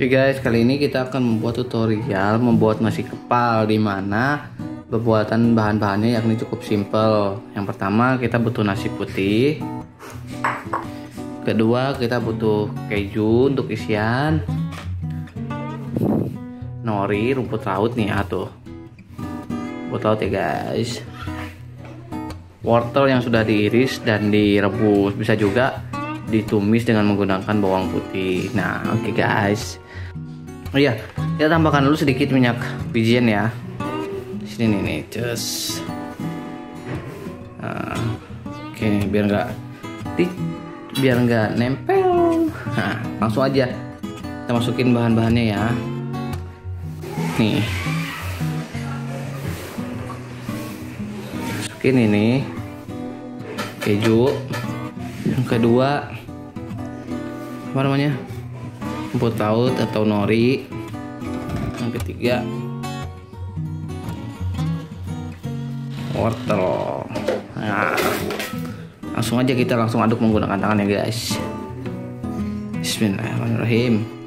Oke guys, kali ini kita akan membuat tutorial membuat nasi kepal di mana pembuatan bahan-bahannya yakni cukup simple. Yang pertama kita butuh nasi putih. Kedua kita butuh keju untuk isian. Nori, rumput laut nih atau ah, Rumput laut ya guys. Wortel yang sudah diiris dan direbus bisa juga ditumis dengan menggunakan bawang putih. Nah, oke okay guys oh iya kita tambahkan dulu sedikit minyak bijian ya sini nih nih nah, oke okay, biar nggak tik biar nggak nempel nah, langsung aja kita masukin bahan-bahannya ya nih masukin ini keju yang kedua apa namanya rumput laut atau nori yang ketiga wortel nah langsung aja kita langsung aduk menggunakan tangan ya guys Bismillahirrahmanirrahim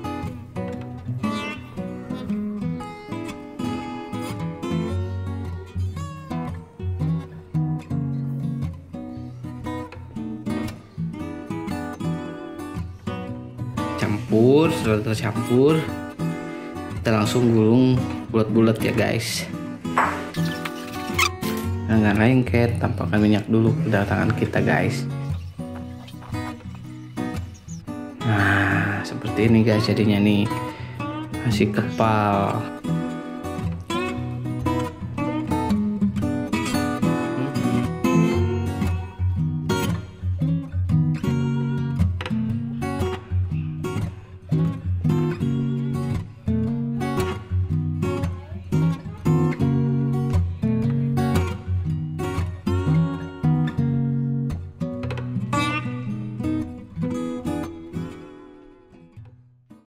campur setelah tercampur kita langsung gulung bulat-bulat ya guys dengan nah, lengket tampakkan minyak dulu kedatangan kita guys nah seperti ini guys jadinya nih masih kepal